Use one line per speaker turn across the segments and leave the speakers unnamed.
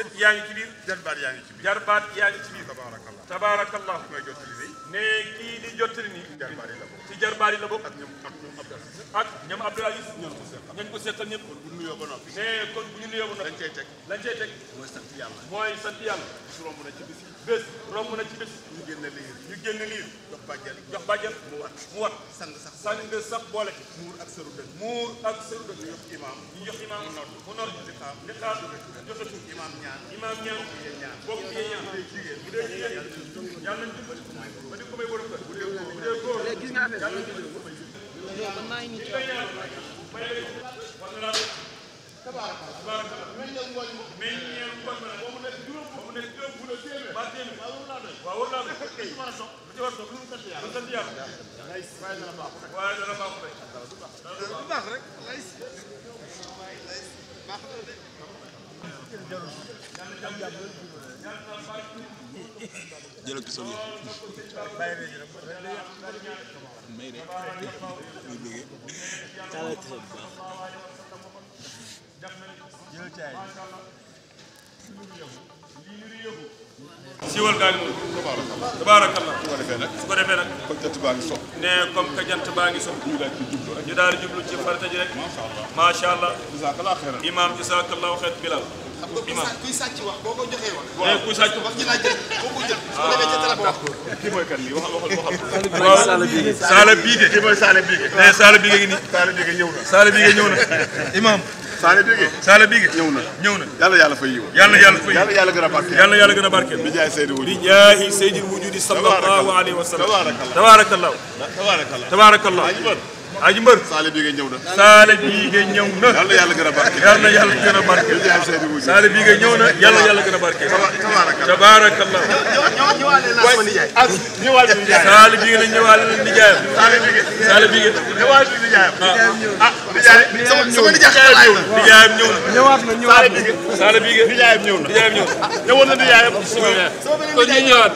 sët yaa ngi ci biir jarbaat yaa ngi ci biir jarbaat yaa ngi ci ni ne kii di yi la bokk ci jarbaat yi la bokk ak ñoom ak ñoom Abdoul Aziz kon bu ñu nuyoo ba noppi ne kon bu ñu nuyoo mooy sant mooy sant yàlla na ci bés bés na ci bés ñu génn liir ñu génn liir bàjjal jox bàjjal mu wat mu wat sang sax sang sax boole ci muur ak sëru dëkk muur ak sëru dëkk ñu jox imaam ñu jox imaam mu nodd mu nodd liqaam liqaam joxe tur imaam ñaan imaam ñaan bokk bi ñaan bu dee jigéen bu dee jigéen yàlla nañ dimbali ba di ko may borom kër bu dee góor bu dee góor gis nga affaire yàlla nañ dimbali tabaaraka tabaaraka meñ ñeel ngooñ mo meñ ñeel ngooñ mo mu nekk juróom mu nekk juróom bu la téeméer ba téeméer waaw war naa doy waaw war naa doy bu ci war toog lu mu sant yàlla sant yàlla waaye dana baax rek waaye dana baax rek dana baax rek lay baax na de jëlal pistool yi may rek muy bëggee taalal pistool bu baax
jëlal caay siwal gaal moom tabaarakallah su ko defee nag su ko defee nag comme que jant baa ngi sopp ne
comme que jant baa ngi sopp ñu daal ci jublu rek ñu daal di jublu ci farata ji rek macha allah jazakallah xeyran imam jazakallah xeyr bilal xam nga kuy sàcc wax boo ko joxee wax kuy sàcc wax ñu laa jël boo ko jël su ko defee ca téléphone wax kii mooy kan lii waxal waxal waxal saala biige saala biige kii mooy saala biige saala biige ngi nii saala biige ñëw na saala biige ñëw na imam Sale Bigué Sale Bigué ñëw na ñëw na yàlla yàlla fay yiw yàlla yàlla fay yàlla yàlla gën a barkeel yàlla yàlla gën a barkeel bi jaay Seydou Wujudi bi jaay Seydou Wujudi sallallahu alayhi wa sallam tabarakallah tabarakallah tabarakallah tabarakallah aji mbër saale bii nga ñëw na saale bii nga ñëw na yal na yàlla gën a barke yal na yàlla gën a barke saale bii nga ñëw na yal na yàlla gën a barke tabaarakallah saale bii nga ñëwaale na nijaayam saale bii nga ñëwaale na nijaayam ah nijaayam ñëw na ñëwaat na ñëwaat saale bii nga nijaayam ñëw na nijaayam ñëw na ñëwoon na nijaayam sama beneen nijaayam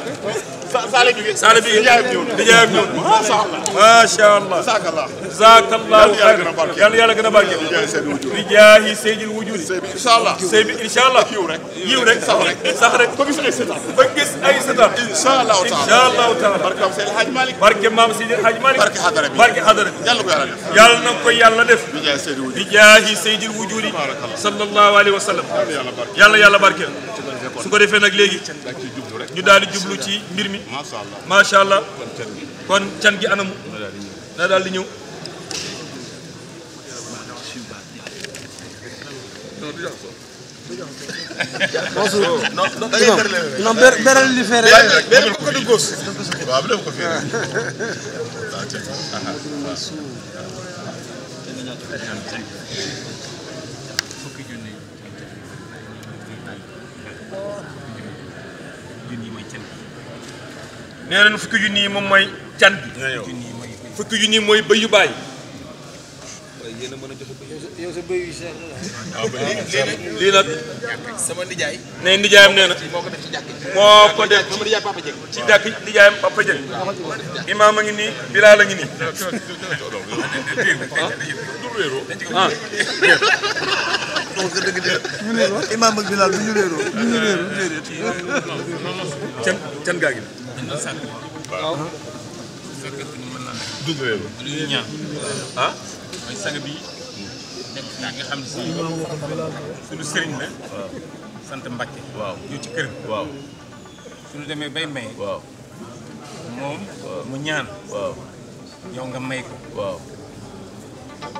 Saalé Bigué Saalé Bigué di jaayam ñëw di jaayam ñëw macha allah macha allah jazakallah jazakallahu khairan yàlla yàlla gën a barke di jaayi seydil wujudi incha allah sëy bi incha allah yiw rek yiw rek sax rek sax rek ba gis ay setan ba gis ay setan incha allah incha allah taala barke Seydi Hadj Malick barke maam Seydi Hadj Malick barke hadara bi barke hadara bi yàlla ko yàlla def yàlla na ko yàlla def di jaayi seydil wujudi sallallahu alayhi wa sallam yàlla yàlla barke su ko defee nag léegi ñu daal di jublu ci mbir mi macha allah kon can gi anamu na daal li fere. nee nañ fukki juni mom moy tian bi fukki junni mooy bëyu bàyyi lii nag sama nijaay ne nijaayam nee na moo ko def ci jàkk nijaayam papa jëg imaam ngi nii bilal ngi nii ah imaam ak ñu ñu ñu sàkk waaw su fekkee fi ñu sëriñ la sant Mbàkke waaw ñëw ci kër waaw suñu demee bay may waaw moom mu ñaan waaw yow nga may ko waaw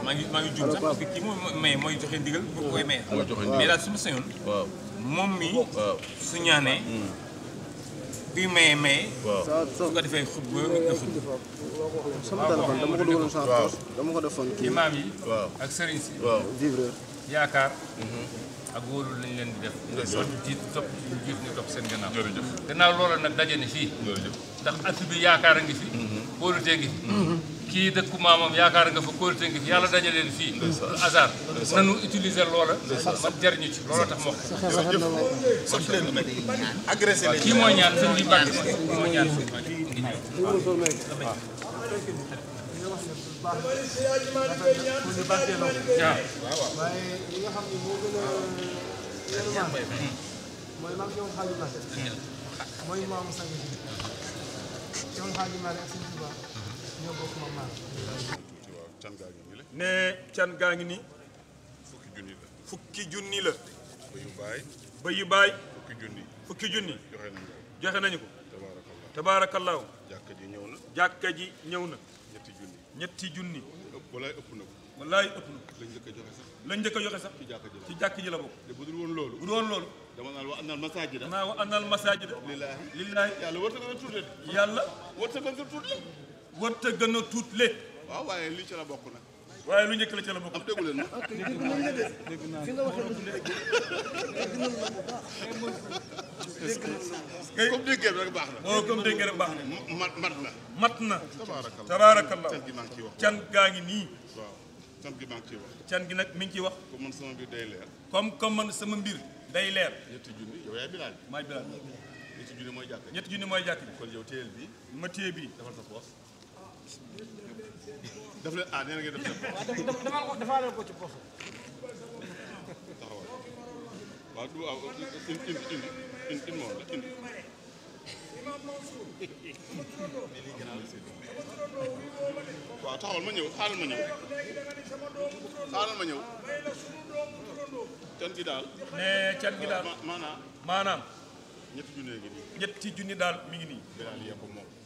maa ngi maa ngi juum sax parce que kii mooy may mooy joxe ndigal pour koy may mais daal su ma sañoon moom mi su ñaanee mm. kuy maye maye. waaw su ko defee xut ba nga xut. sama téléphone dama ko dugaloon sans
force dama ko defoon kii imaam yi.
ak sëriñ si. waaw vivreur. yaakaar. Mhm. ak wóolu lañ leen di def. jërëjëf soo ñu jiit topp ñu jiit ñu topp seen gannaaw. jërëjëf gannaaw loola nag daje na fii. ndax at bi yaakaar a ngi fi. Mhm. wóolutee ngi mhm. kii dëkku maamam yaakaar nga fa kóolute nga fi yàlla dajale leen fii. du hasard nanu utiliser loola. man jariñu ci looloo tax moo xam. jërëjëf kii mooy ñaan sëñ bi Mbàkke mooy ñaan sëñ bi. waaw. mooy ne can gaa ngi ni fukki junni la fukki junni la bayu baay bayu baay fukki junni fukki junni joxe nañu ko tabaarakallaahu jàkka ji ñëw na jàkka ji ñëw na ñetti junni ñetti junni walaay ëpp na ko wallaay ëpp na lañ njëkk a joxe sax lañ njëkk a joxe sax ci jàkk ji la ci jàkk ji la bokk te bu dul woon loolu bu dul woon loolu dama naan wa annal masaajida naa wa annal masaajida lillaahi yàlla warta gën a tuuti yàlla warta warta gën a tuut le waaw waaye li ci la bokk nag waaye lu njëkk la ci la bokk am déggu leen ma dégg nañ la de fi nga waxee baax comme déggee rek baax na oo comme déggee rek baax na mat mat na mat na tabaarakallah can gi maa can gaa ngi nii waaw can gi can gi nag mi ngi ci wax comme man sama mbir day leer comme comme man sama mbir day leer ñetti junni yow yaay bilaal ñetti junni mooy jàkk ñetti junni mooy jàkk kon yow téyel bi ma téye bi defal sa poos
daf leen ah nee na ngeen def seen
dafa leen ko ci poche.
taxawal ma ñëw xaaral ma ñëw xaaral ma ñëw. can gi daal. nee can gi daal maanaam.
maanaam. ñetti junni daal mi ngi nii. ñetti daal mi ngi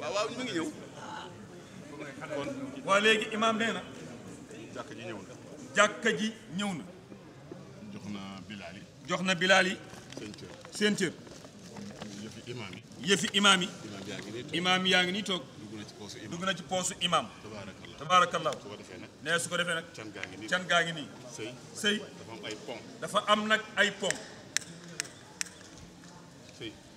waaw waaw mi ngi ñëw. waa léegi imaam nee na. jàkk ji ñëw na. jàkka ji ñëw na.
jox na Bilal yi.
jox na Bilal yi. seen cër seen cër. yëfi imaam yi. yëfi imaam yi. imaam yaa ngi nii toog. dugg na ci poosu imaam. tabaarakallaahu nee su ko defee nag. can gaa ngi nii can gaa ngi nii. sëy sëy. dafa am ay pom. dafa am nag ay pom.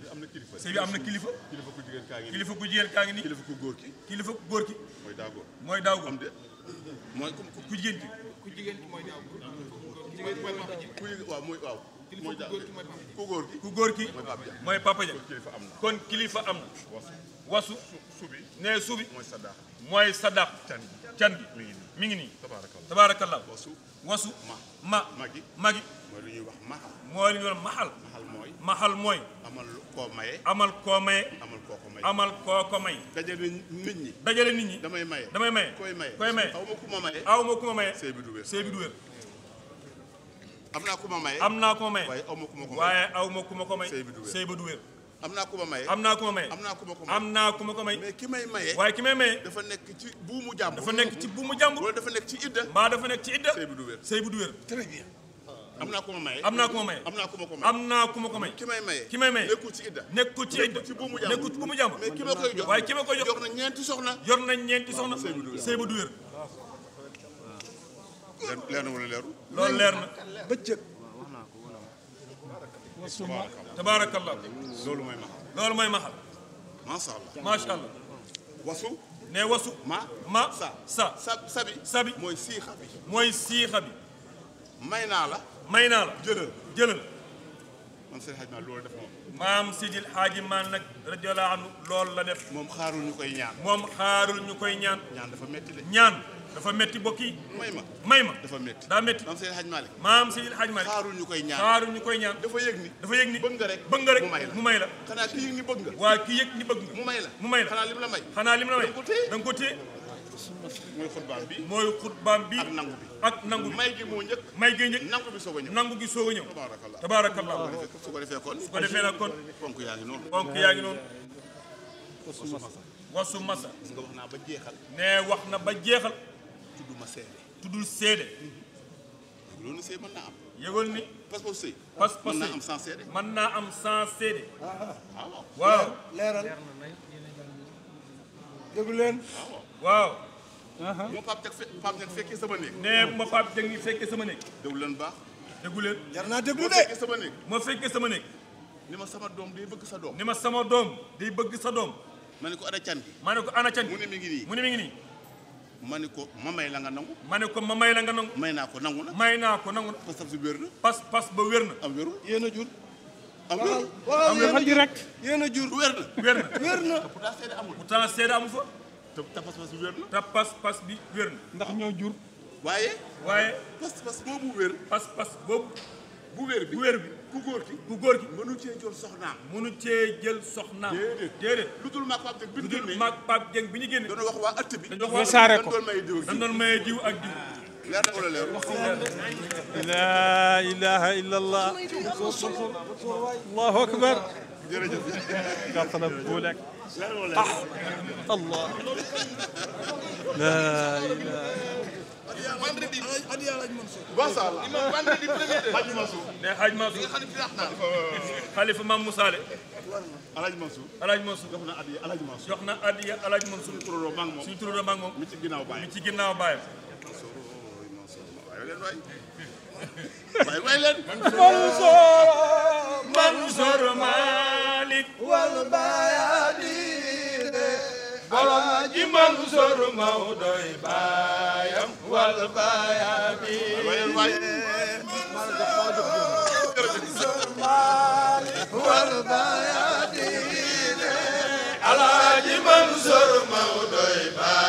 bi na kilifa bi am na kilifa. kilifa ku jigéen kaa ngi nii kilifa ku góor ki. kilifa ku góor ki. mooy daaw góor mooy daaw góor am de mooy ku jigéen ki. ku mooy daaw ku jigéen ki mooy papa ji waaw mooy waaw. mooy daaw ku góor ki kon kilifa am na. wasu subi subi mooy sadaq can gi can mi ngi nii tabaarakallah wasu ma magi mooy lu ñuy wax maxal maxal mooy. amal koo maye. amal koo maye. amal koo ko may amal koo ko may. dajale nit ñi. dajale nit ñi. damay maye damay maye. koy maye koy ma ku ma maye. aw ma ku ma maye. sëy bi du du wér. naa ku ma maye. am naa ku ma maye. waaye aw ma ku ma ko maye. aw ma ku ma ko maye. sëy bi du wér am naa ku ma maye am naa ku ma am naa ko maye am naa ku ma ko maye mais ki may maye waaye ki may dafa nekk ci buumu jàmbur dafa nekk ci buumu jàmbur dafa nekk ci idda mbaa dafa nekk ci idda sëy bu du wér sëy bu am naa ku ma maye am naa ku ma am
naa ku ma ko maye am naa ku ma ko maye. ki may maye ki may maye ci idda.
nekkul bu mu jàmm waaye ki ma koy jox na ñeenti soxna. yor na ñeenti soxna sëy ba du wér.
leer na wala leerul. loolu leer na loolu mooy maxal.
loolu mooy maxal. macha allah macha allah. wasu. ne wasu. ma ma sa sa. sabi. sabi mooy siixa mooy siixa bi. may naa la. may naa la jëlal jëlal man seen xaaj maa loolu def moom maam sidil xaaji maan nag radiyallaahu anhu loolu la def moom xaarul ñu koy ñaan moom xaarul ñu koy ñaan dafa metti de ñaan dafa metti bokk yi may ma dafa metti daa metti maam Seydil Hadj maam Seydil xaarul ñu koy ñaan xaarul ñu koy ñaan dafa yëg ni dafa yëg ni bëgg nga rek bëgg nga rek mu may la xanaa ki yëg ni bëgg nga waaw ki yëg ni la mu may la xanaa lim la may xanaa ko téye mooy xutbaam bi mooy xutbaam bi ak nangu bi ak nangu bi may gi moo njëkk may gi njëkk nangu bi soog a ñëw nangu gi soog a ñëw tabaarakallah su ko defee kon kon
ponk yaa ngi noonu ponk yaa ngi noonu
gis nga wax naa ba jeexal ne wax na ba jeexal ma seede tuddul seede loolu ni sëy mën naa am yëgoon ni passeport sëy passeport sëy naa am sans seede mën ah, am ah. waaw bu uh-huh. ma Pape Diak fe Pape Diak fekkee sama néeg. nee bu ma Pape Diak nii fekkee sama néeg. déglu leen baax. déglu leen. jar naa déglu de. ma fekkee sama néeg. ma fekkee sama néeg. ni ma sama doom day bëgg sa doom. ni ma sama doom day bëgg sa doom. ma ne ko ana can gi. ma ne ko ana can gi. mu ne mi ngi nii mu ne mi ngi nii. ma ne ko ma may la nga nangu. ma ne ko ma may la nga nangu. may naa ko nangu na. may naa ko nangu na. pas pas wér na. pas pas ba wér na. am wérul yéen a jur. am wérul waaw yéen a jur rek. yéen a jur wér na. wér na wér na. pourtant seede amul pourtant seede amul fa. te te pas-pas bi wér na. te pas-pas bi wér na. ndax ñoo jur. waaye. waaye pas-pas boobu wér. pas-pas boobu. bu wér bi bu wér bi ku góor ki. ku góor ki mënu cee jël soxnaam. mënu cee jël soxnaam. déedéet déedéet. lu dul maag Pape Dieng bi ñu génnee lu dul maag Pape Dieng bi ñu génnee. dañoo wax waa ëtt bi. dañoo wax waa ëtt bi dañu doon maye diw ak diw. dañu doon maye diw ak diw. leer na wala leer. laa ilaaha illallah. allahu akbar. jërëjëf. gàttal ak طح الله لا اله vendredi Hadj Hadj Mansour. macha allah vendredi premier de. Hadj Mansour. mais Hadj Mansour. xalifa maam Musaale. Alhaji Mansour. Alhaji Mansour jox na adiya Alhaji Mansour. jox na adiya Alhaji Mansour. suñu turandoo maa ngi moom suñu turandoo maa ngi moom. mi ci ginnaaw baayam mi ci ginnaaw baayam. way way leen Mansour
Mansour Malick wal bayadi
Alaaji Mansour mawdoy
baayam wal bayadi
Mansour
Malick wal bayadi
Alaaji Mansour mawdoy baayam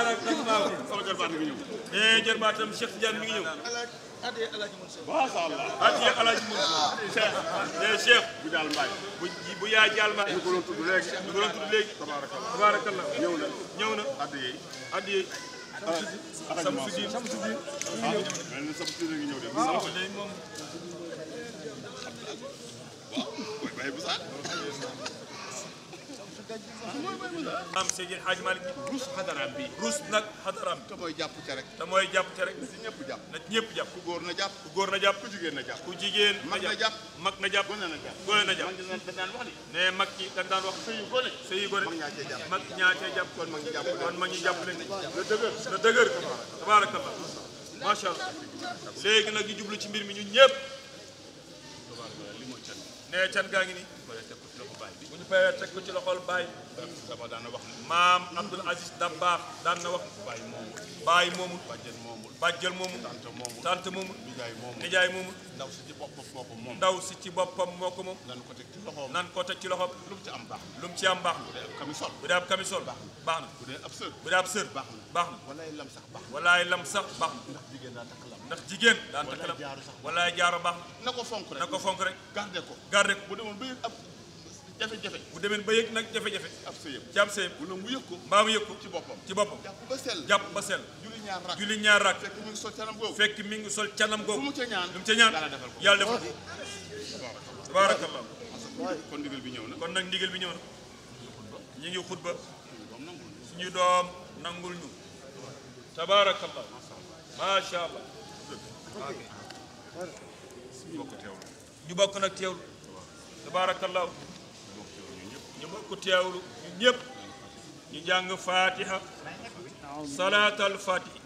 baarakallaahu sama jarbaatam mi ngi ñëw. eh jarbaatam Cheikh Tidiane mi ngi ñëw. addi alaaji mun se macha allah addi alaaji mun se cheikh cheikh bu daal ñu ko doon tudd léegi ñu ko doon maam Seydi El Hadji Malick rus bi rus nag xadaraam bi te mooy jàpp ca rek te mooy jàpp ca rek na ci ñëpp jàpp na ci ñëpp jàpp ku na jàpp ku góor na jàpp ku jigéen na jàpp ku jigéen mag na jàpp mag na jàpp gone na na jàpp ne mag ki dañ daan wax sëyu gone sëyu gone mag ñaa cee jàpp kon mag ñi jàpp kon mag ñi jàpp leen na dëgër na dëgër tabarakallah macha allah léegi nag ñu jublu ci mbir mi ñu ñëpp père teg ko ci loxol Baye. maam Abdoul daan na wax. Baye moomu. Baye moomu. bàjjen moomu. bàjjen moomu. tante moomu. tante moomu. nijaay moomu. nijaay moomu. ndaw si ci boppam moo ko moom. ndaw si ci boppam moo ko moom. nan ko teg ci loxoom. nan ko teg ci loxoom. lu mu ci am baax na. lu mu ci am baax na. bu dee ab camisole. bu dee ab camisole. baax na bu dee ab sër. bu dee ab sër. baax na baax na. walaay lam sax baax na. lam sax baax na. ndax jigéen daan jigéen daan takk lam. walaay jaaro sax baax na. ko fonk rek. ko fonk rek. garde ko garde bu demoon ba ab jafe-jafe bu demee ba yëg nag jafe-jafe ab sëyam ci ab mu yëg ko mbaa mu ci boppam ci boppam jàpp ba sell jàpp ba sell
julli ñaan rak julli ñaar rak fekk mi ngi sol canam
googu fekk mu ca ñaan lu mu ca ñaan yàlla defal ko kon ndigal bi ñëw na kon nag ndigal bi ñëw ñu ngi xutba suñu doom nangul ñu tabaarakallah macha allah ñu bokk nag teewlu tabaarakallah ñu bokk teewlu ñu ñu jàng fatiha salaatal fatiha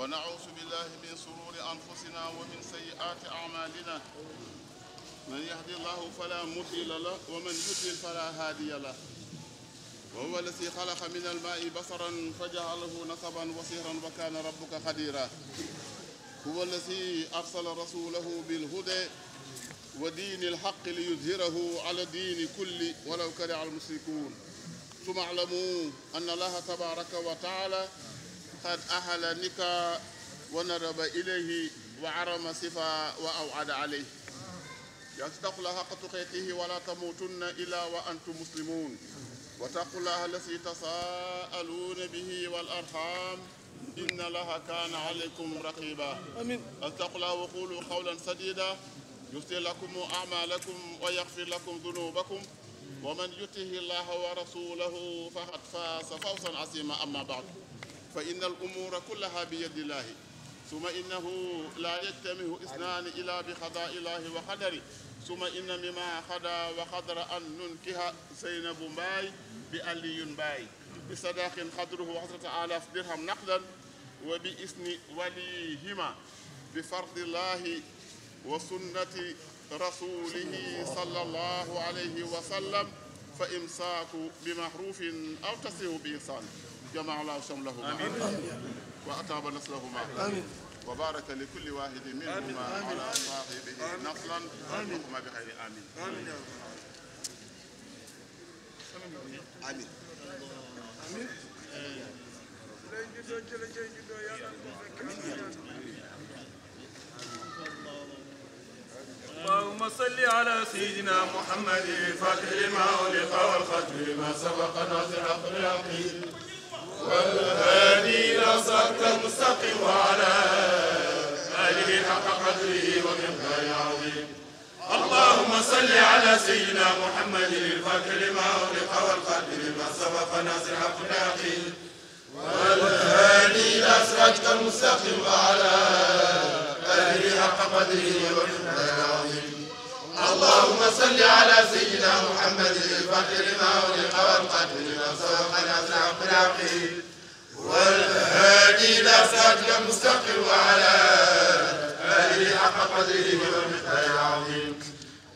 ونعوذ بالله من سرور أنفسنا ومن سيئات أعمالنا من يهدي الله فلا مضل له ومن يضلل فلا هادي له وهو الذي خلق من الماء بصرا فجعله نصبا وصيرا وكان ربك قديرا هو الذي أرسل رسوله بالهدى ودين الحق ليظهره على الدين كل ولو كره المشركون ثم اعلموا أن الله تبارك وتعالى قد أهل نكا ونرب إليه وعرم صفا وأوعد عليه يتقوا الله حق تقاته ولا تموتن إلا وأنتم مسلمون واتقوا الله الذي تساءلون به والأرحام إن الله كان عليكم رقيبا آمين اتقوا الله وقولوا قولا سديدا يفتي لكم أعمالكم ويغفر لكم ذنوبكم ومن يطه الله ورسوله فقد فاز فوزا عظيما أما بعد فإن الأمور كلها بيد الله ثم إنه لا يجتمع إثنان إلا بخضاء الله وقدره ثم إن مما خدا وقدر أن ننكها زينب باي بألي باي بصداق قدره عشرة آلاف درهم نقدا وبإثن وليهما بفرض الله وسنة رسوله صلى الله عليه وسلم فإمساك بمعروف أو تسيه بإنسان جمع الله شملهما واتاب نسلهما آمين وبارك لكل واحد منهما على صاحبه نصلا وارزقهما بخير آمين آمين يا رب آمين آمين اللهم صل على سيدنا محمد فاتح لما أغلق والختم لما سبق
ناصر أخلاقه
والهادي إلى صراطك
المستقيم وعلى آله حق قدره ومقداره عظيم اللهم صل على سيدنا محمد الفاتح لما أغلق والقادر لما سبق ناصر حق ناقل والهادي إلى صراطك المستقيم وعلى آله حق قدره ومقداره عظيم اللهم صل على سيدنا محمد الفقير ما ولقى والقاتل نفسه سبق نازل عقل والهادي إلى صراطك المستقيم وعلى آله حق قدره ومقداره العظيم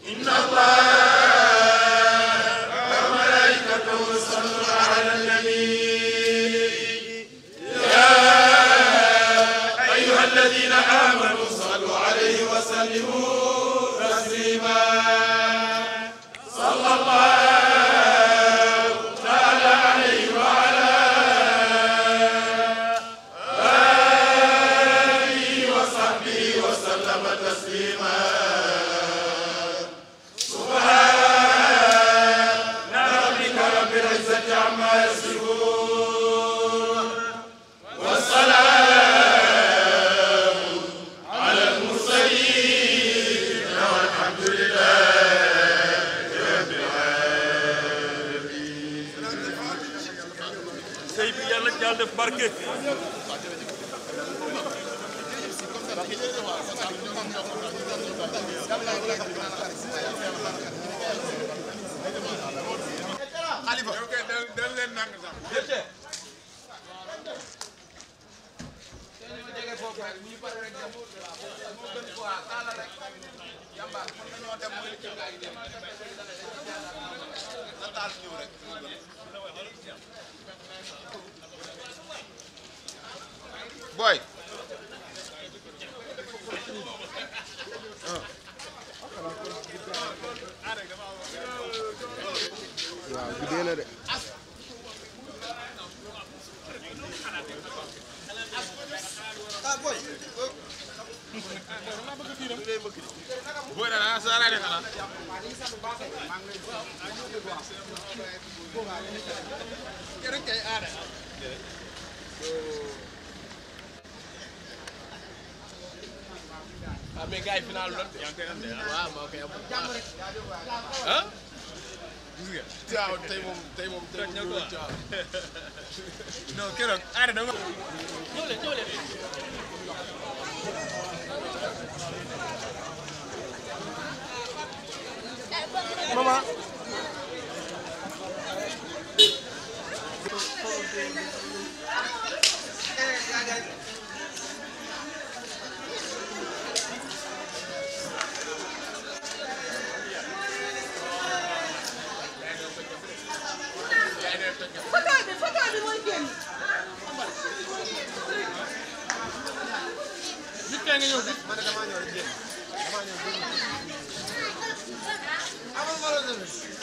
إن الله marqué.
Khalifa. Thank you.
waaw maa koy am ah.
gis nga. tey moom tey moom tey moom です。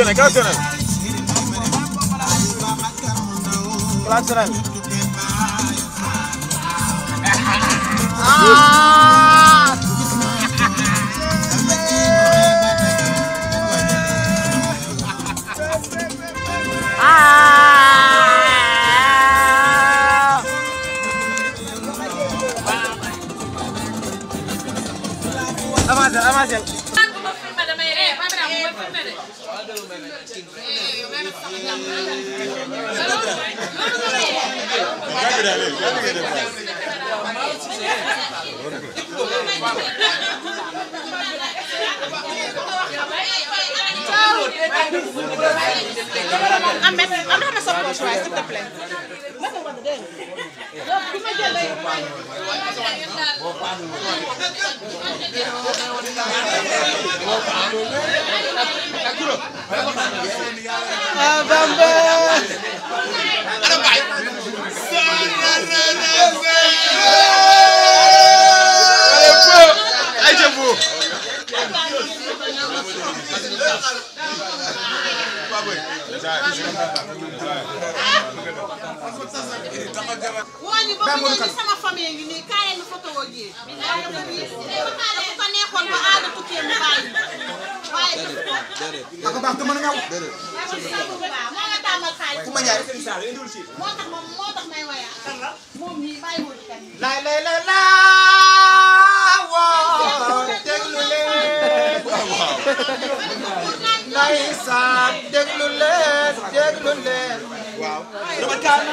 Sénégal Sénégal Sénégal the plane. Mas não manda
dentro. Imagina aí.
Ah, bamba! Era pai. Aí, Jabu. Aí, Jabu.
wooñu ba mu ñëw sama famille ngi nii kaay ñu
ndeysaan déglu leen déglu leen waaw dama kaan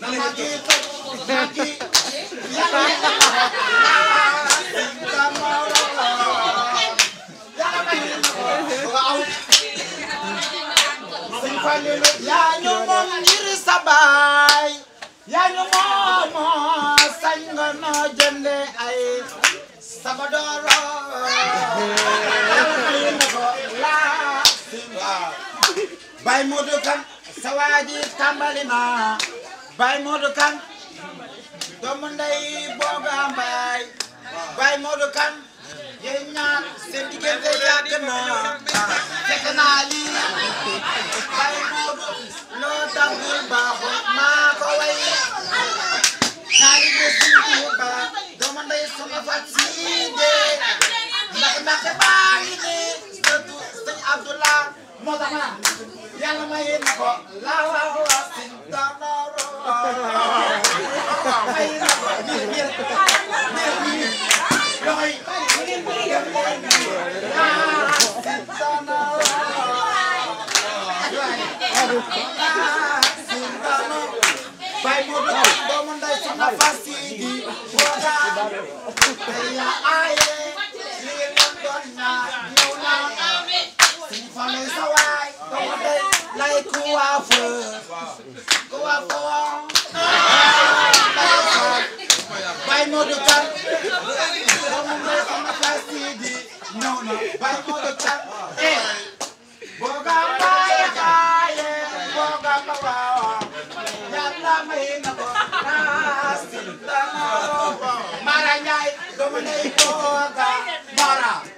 Nagi toj, nagi, nagi, nagi, falilu yaa ñu moom ngir yaa ñu sañ nga noo jënde ay sabadooro bay Modou Kane sa waa ji tàmbali naa bay Modou Kane doomu ndey booga mbay bay Modou Kane yéen ñaar seen diggante yàgg na fekk naa lii bay loo tàmbul baaxul maa ko way taali ba suñu ba doomu ndey sama fat si de ndax baa ngi ne surtout sëñ Abdoulah moo tax ma
yàlla may na ko la la la sin danaro may na ko
Like who I Terminator, got, got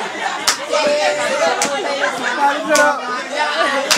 Yeah.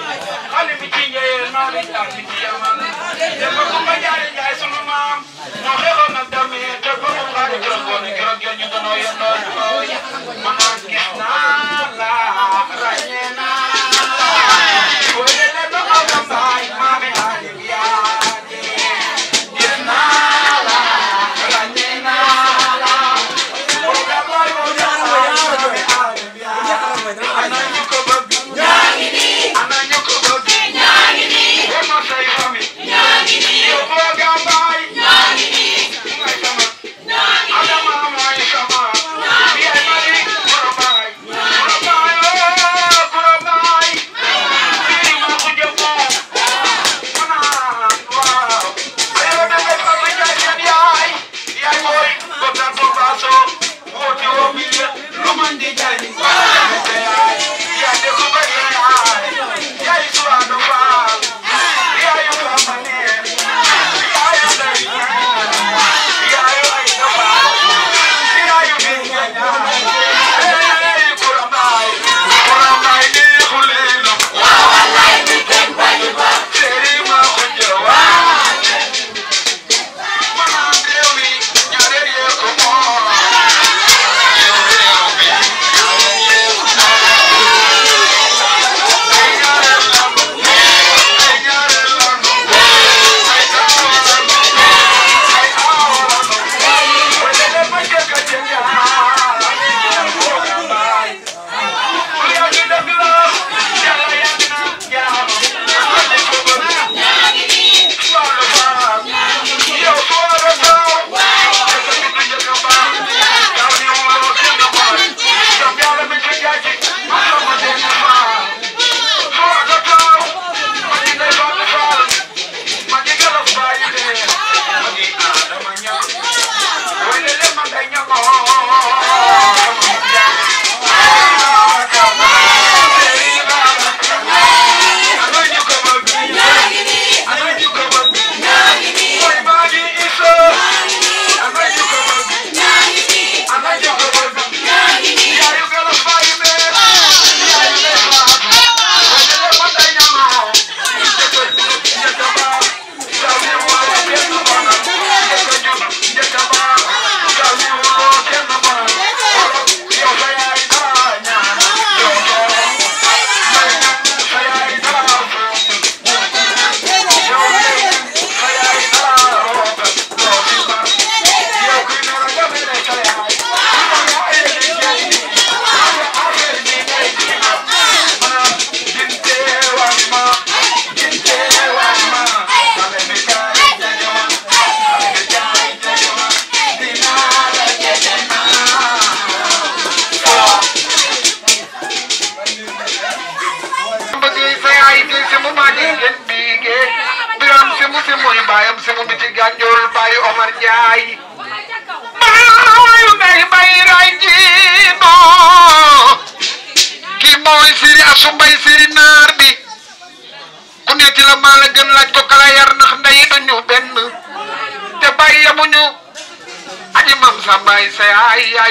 xale bi ci njëyee maa ngi tax bi ci yaman dem ba kumba jaare jaay sunu maam moo xeexoon nag damee te ba mu xaari
gërëm woon gërëm ñu danoo yendoo
man gis naa la ràññee na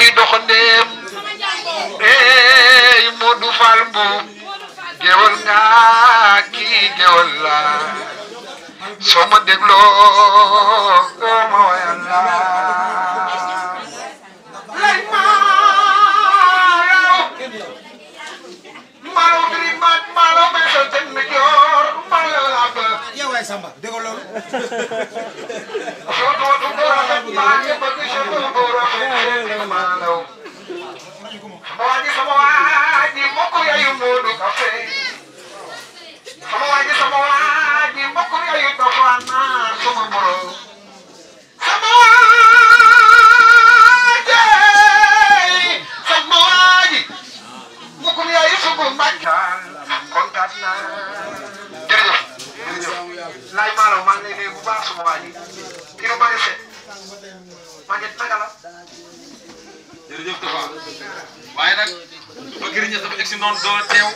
ay doxandeem ey Modou Fall Mbuub gewal nga kii gewal la soo شطوط غرفة معجبة شطوط غرفة ما لو سموادي سموادي مكو يا يمود كفي سموادي سموادي مكو يا يدفعنا سممرو سموادي سموادي مكو يا يسوع مكان كنتنا laaj maanaam maa ngi lay nuyu bu baax sama waa ji kii la bàyyi seet maa ngi naka la. jërëjëf Tafa waaye ba gërëñe sama egg si noonu doon teew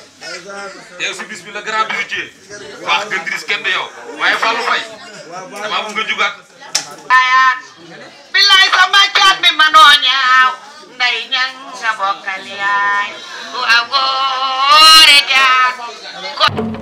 teew bis bi la grand bijoutier wax gën diris kenn yow nga sama nga yaay bu